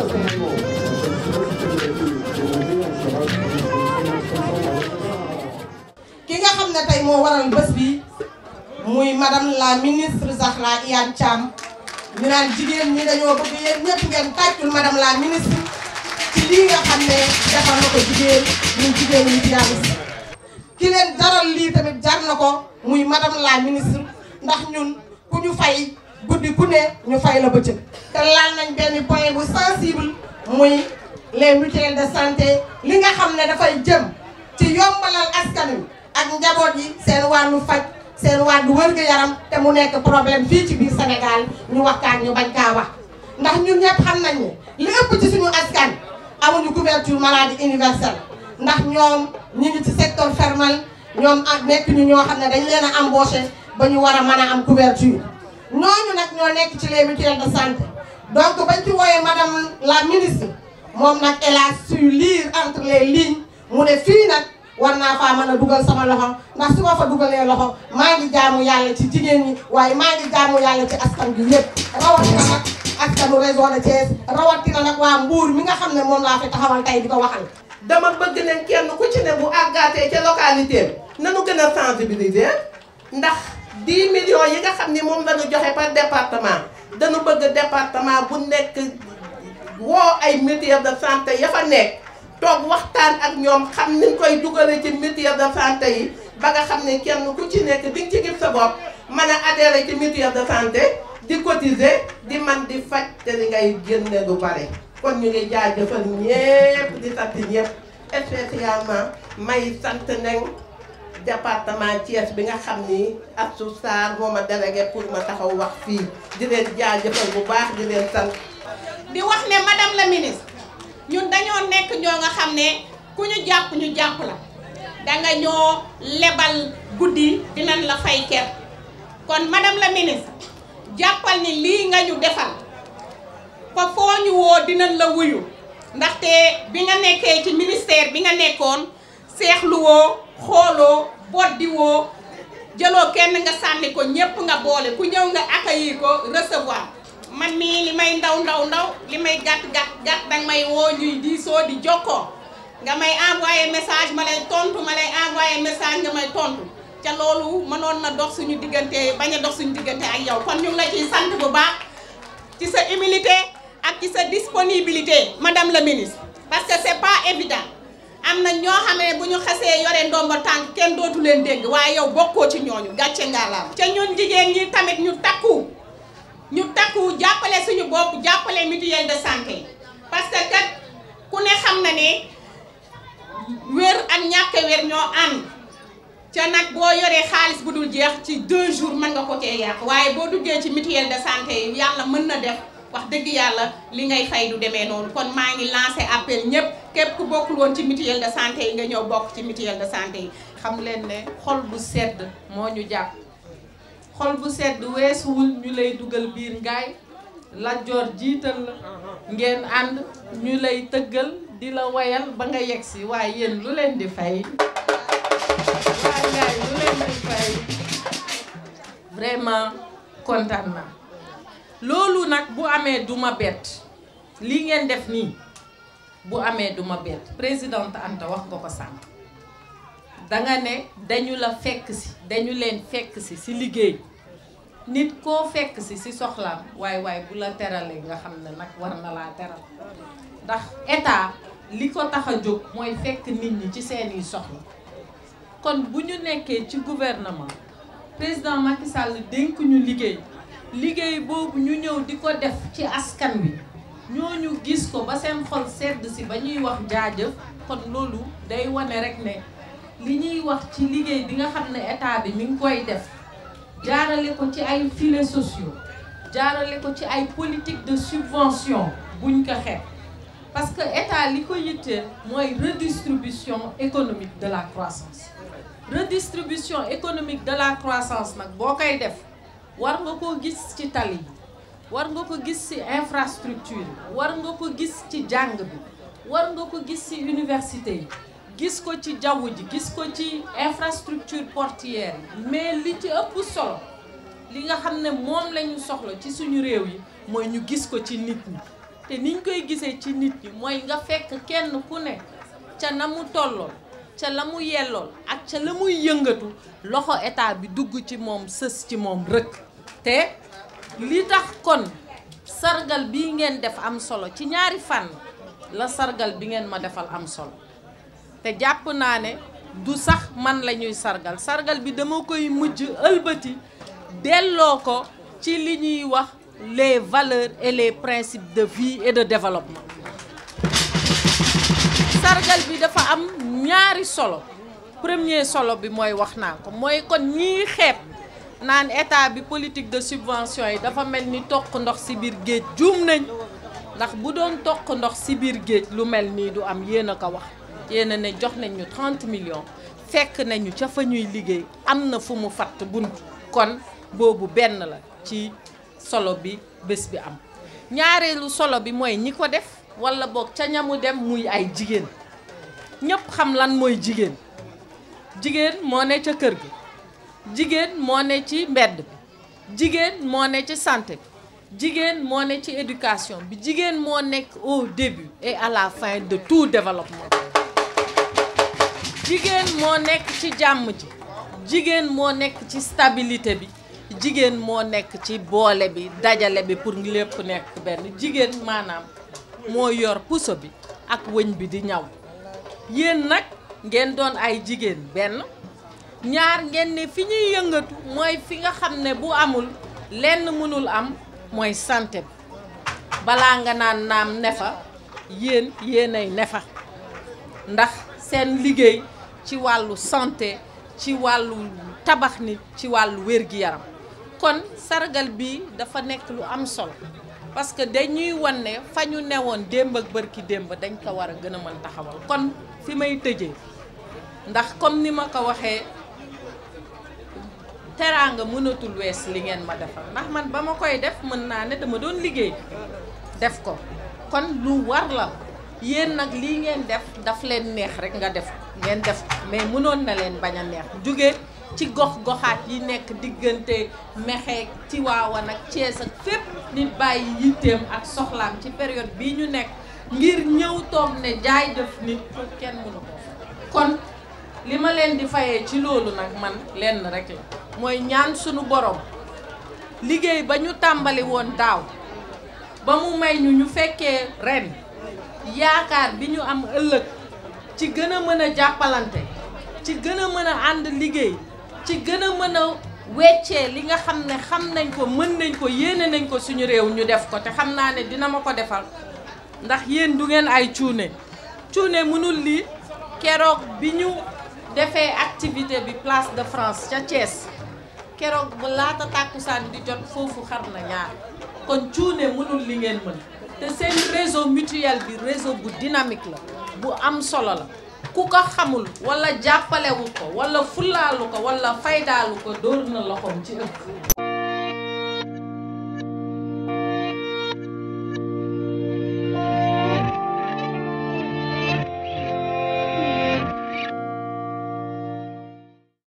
ki nga xam ne tey moo waral bés bi muy madame la ministre Zahra Iyane Thiam ñu naan jigéen ñi dañoo bëgg yéen ñëpp ngeen tàccul madame la ministre ci lii nga xam ne defal na ko jigéen ñun jigéen ñi di ki leen daral lii tamit jar na ko muy madame la ministre ndax ñun ku ñu fay guddi ku ne ñu fay la bëccëg te laal nañ benn point bu sensible muy les mutuelles de santé li nga xam ne dafay jëm ci yombalal askan ak njaboot yi seen wàllu faj seen wàllu wërgu yaram te mu nekk problème fii ci biir Sénégal ñu waxtaan ñu bañ kaa wax ndax ñun ñëpp xam nañ ne li ëpp ci suñu askan amuñu couverture maladie universelle ndax ñoom ñu ngi ci secteur fermel ñoom nekk ñu ñoo xam ne dañ leen a embauché ba ñu war a mën a am couverture ñooñu nag ñoo nekk ci les mutuelles de santé donc bañ ci wooyee madame la ministre moom nag elle su lii entre les lignes mu ne fii nag war naa faa mën a dugal sama loxo ndax su ma fa dugalee loxo maa ngi jaamu yàlla ci jigéen ñi waaye maa ngi jaamu yàlla ci askan bi yëpp rawatina nag askanu région de Thiès rawatina nag waa Mbour mi nga xam ne moom laa fi taxawal tey di ko waxal. dama bëgg ne kenn ku ci ne bu àggaatee ca na nanu gën a sensibiliser ndax. 10 millions yi nga xam ni moom la ñu joxe par département dañu bëgg département bu nekk woo ay mutuelle de santé ya fa nekk toog waxtaan ak ñoom xam niñ koy dugale ci mutuelle de santé yi ba nga xam ni kenn ku ci nekk di nga ci gis sa bopp mën a adhéré ci mutuelle de santé di cotiser di man di faj te li ngay génne du bare kon ñu ngi jaajëfal ñépp di sant ñépp spécialement may sant nañ departement Thiès bi nga xam ni Abdou Sarr moo ma délégué pour ma taxaw wax fii di leen jaajëfal bu baax di leen sant. di wax ne madame la ministre ñun dañoo nekk ñoo nga xam ne ku ñu jàpp ñu jàpp la danga ñoo lebal guddi dinañ la fay ker kon madame la ministre jàppal ni lii nga ñu defal fa foo ñu woo dinañ la wuyu ndaxte bi nga nekkee ci ministère bi nga nekkoon seexlu woo. xooloo boddiwoo jëloo kenn nga sànni ko ñépp nga boole ku ñëw nga accueillir ko recevoir man mii li may ndaw ndaw ndaw li may gàtt gàtt gàtt danga may woo ñuy diisoo di jokkoo nga may envoyé message ma lay tontu ma lay envoyé message nga may tontu ca loolu mënoon na dox suñu diggante bañ a dox suñu diggante ak yow kon ñu ngi la ci sant bu baax ci sa humilité ak ci sa disponibilité madame la ministre parce que c'est pas évident am na ñoo xam ne bu ñu xasee yore ndomba tànk kenn dootu leen dégg waaye yow bokkoo ci ñooñu gàcce ngaalaam ca ñun jigéen ñi tamit ñu takku ñu takku jàppale suñu bopp jàppale mutuelle de santé parce que kat ku ne xam na ne wér ak ñàkk wér ñoo ànd ca nag boo yoree xaalis bu dul jeex ci deux jours mën nga ko cee yàq waaye boo duggee ci mutuelle de santé yi yàlla mën na def wax dëgg yàlla li ngay fay du demee noonu kon maa ngi lancé appel ñëpp képp ku bokkul woon ci mutuelle de santé yi nga ñëw bokk ci mutiel de santé yi xam leen ne xol bu sedd moo ñu jàpp xol bu sedd weesuwul ñu lay dugal biir ngaay lajjoor jiital la ngeen ànd ñu lay tëggal di la woyal ba nga yegg si waaye yéen lu leen di fay waaye ngaay lu leen di fay vraiment kontaan loolu nag bu amee du ma bett li ngeen def nii bu amee du ma bett présidente Anta wax nga ko sànq danga ne dañu la fekk si dañu leen fekk si si liggéey nit koo fekk si si soxlaam waaye waaye bu la teralee nga xam ne nag war na laa teral ndax état li ko tax a jóg mooy fekk nit ñi ci seeni soxla kon bu ñu nekkee ci gouvernement président Macky Sall dénk ñu liggéey. liggéey boobu ñu ñëw di ko def ci askan wi ñu gis ko ba seen xol sedd si ba ñuy wax jaajëf kon loolu day wane rek ne li ñuy wax ci liggéey bi nga xam ne état bi ñu ngi koy def jaarale ko ci ay filets sociaux jaarale ko ci ay politique de subvention buñ ko xeet parce que état li ko yitteel mooy redistribution économique de la croissance redistribution économique de la croissance nag boo koy def war nga ko gis ci tali yi war nga ko gis ci infrastructure yi war nga ko gis ci jàng bi war nga ko gis ci université yi gis ko ci jaww ji gis ko ci infrastructure portuaire yi mais li ci ëpp solo li nga xam ne moom lañu soxla ci suñu réew yi mooy ñu gis ko ci nit ñi te niñ koy gisee ci nit ñi mooy nga fekk kenn ku ne ca na mu tollool ca la mu yellool ak ca la muy yëngatu loxo état bi dugg ci moom sës ci moom rëkk te li tax kon sargal bi ngeen def am solo ci ñaari fànn la sargal bi ngeen ma defal am solo te jàpp naa ne du sax man lañuy sargal sargal bi dama koy mujj ëlbati delloo ko ci li ñuy wax les valeurs et les de vie et de développement sargal bi dafa am ñaari solo premier solo bi mooy wax naa ko mooy kon ñii xeeb naan état bi politique de subvention yi dafa mel ni toq ndox ci biir géej juum nañu ndax bu doon toq ndox ci biir géej lu mel nii du am yéen a ko wax yéen ne jox nañ ñu 30 fekk nañu ca fa ñuy liggéey am na fu mu fatt bunt kon boobu benn la ci solo bi bés bi am ñaareelu solo bi mooy ñi ko def walla boog ca ñamu dem muy ay jigéen ñépp xam lan mooy jigéen jigéen moo ne ca kër gi jigéen moo ne ci mbedd bi jigéen moo ne ci santé bi jigéen moo ci éducation bi jigéen moo nekk o début et à de tout développement jigéen moo nekk ci jàmm ji jigéen moo nekk ci stabilité bi jigéen moo nekk ci boole bi dajale bi pour lépp nekk benn jigéen maanaam moo yor puso bi ak wëñ bi di ñaw yéen nag ngeen doon ay jigéen benn ñaar ngeen ni fi ñuy yëngatu mooy fi nga xam ne bu amul lenn mënul am mooy sante bi balaa nga naan naam ne fa yéen yéenay ne fa ndax seen liggéey ci wàllu santé ci wàllu tabax nit ci wàllu wér-gi-yaram kon sargal bi dafa nekk lu am solo parce que dañuy wan ne fa ñu newoon démb ak bër ki démb dañ ko war a gën a mën taxawal kon fi may tëjee ndax comme ni ma ko waxee teraa nga mënatul wees li ngeen ma defal ndax man ba ma koy def mën naa ne dama doon liggéey def ko kon lu war la yéen nag lii ngeen def daf leen neex rek nga def ngeen def mais mënoon na leen bañ a neex jóge ci gox goxaat yi nekk diggante mexeeg ci waawan ak Cees ak fépp nit bàyyi yitteem ak soxlaam ci période bii ñu nekk ngir ñëw toog ne jaay def nit kenn mënu ko kon li ma leen di fayee ci loolu nag man lenn rek la mooy ñaan sunu boroom liggéey ba ñu tàmbali woon daaw ba mu may ñu ñu fekkee ren yaakaar bi ñu am ëllëg ci gën a mën a jàppalante ci gën a mën a ànd liggéey ci gën a mën a weccee li nga xam ne xam nañ ko mën nañ ko yéene nañ ko suñu réew ñu def ko te xam naa ne dina ma ko defal ndax yéen du ngeen ay cuune cuune mënul lii keroog bi ñu defee activité bi place de France ca Thiès keroog ba laata tàkkusaan di jot foofu xar na ñaar kon cuune mënul li ngeen mën te seen réseau mutuel bi réseau bu dynamique la bu am solo la ku ko xamul wala jàppalewu ko wala fulaalu ko wala faydaalu ko dóor na loxoom ci ëpp